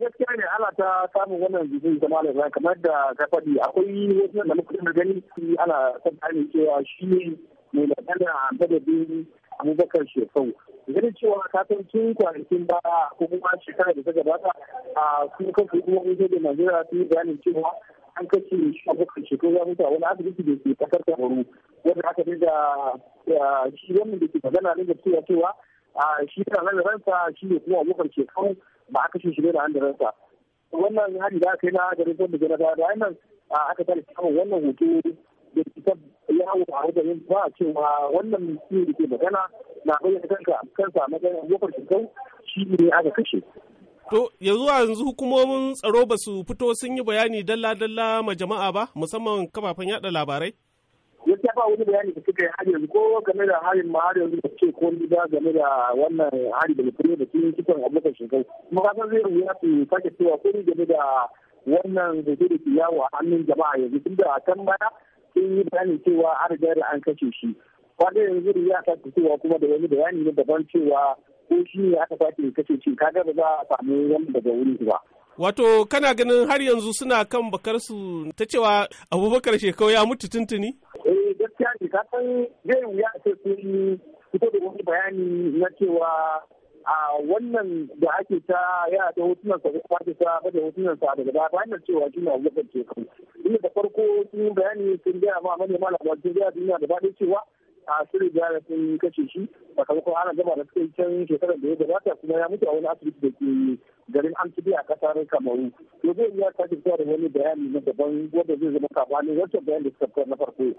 gaskiya ne ana ta samu wannan jikin zama da kamar da ka faɗi akwai wasu da muka da gani ana tsammani cewa shi ne mai magana a madadin abubakar shekau ganin cewa ka san tun kwanakin baya ko kuma shekara da ta gabata a sun kan kuma wani da najeriya su yi bayanin cewa an kashe shi abubakar shekau ya mutu a wani asibiti da ke kasar kamaru wanda aka da shi wannan da ke magana ne da cewa cewa shi ta nan ransa shi ne kuma abubakar ke kawo ba aka shi shirya da hannun ransa wannan hari da aka yi na garin son da jaraba da wannan aka tare samun wannan hoto da ya yawo a wajen ba a cewa wannan mutum da ke magana na bayyana kanka kansa a matsayin abubakar ke kawo shi ne aka kashe. To, yanzu yanzu hukumomin tsaro ba su fito sun yi bayani dalla-dalla ma jama'a ba, musamman kafafen yada labarai? ba wani bayani da suka yi har yanzu ko game da harin ma har yanzu da ce ko ba game da wannan hari da mutum da sun kitan abokan shekau kuma ka san zai rubuta su sake cewa ko ni game da wannan hoto da ke yawo a hannun jama'a yanzu tun da a can baya sun yi bayani cewa an riga da an kashe shi kwanan yanzu ya sake cewa kuma da wani bayani na daban cewa ko shi ne aka sake kashe shi ka ga ba za a samu wani daga wuri ba. Wato kana ganin har yanzu suna kan bakar su ta cewa Abubakar Shekau ya mutu tuntuni? Eh, ne ka san zai wuya a sun fito da wani bayani na cewa a wannan da ake ta ya ta hotunan sa kuma ta ta da hotunan sa daga a ba nan cewa kina wakar ce kan inda da farko sun yi bayani sun gaya ma manema labarai sun gaya duniya da da cewa a shirin da sun kashe shi sakamakon ana gaba da suka can shekarar da ya gabata kuma ya mutu a wani asibiti da ke garin amfidi a kasar kamaru to zai iya ta da wani bayani na daban wanda zai zama kafanin wancan bayani da suka na farko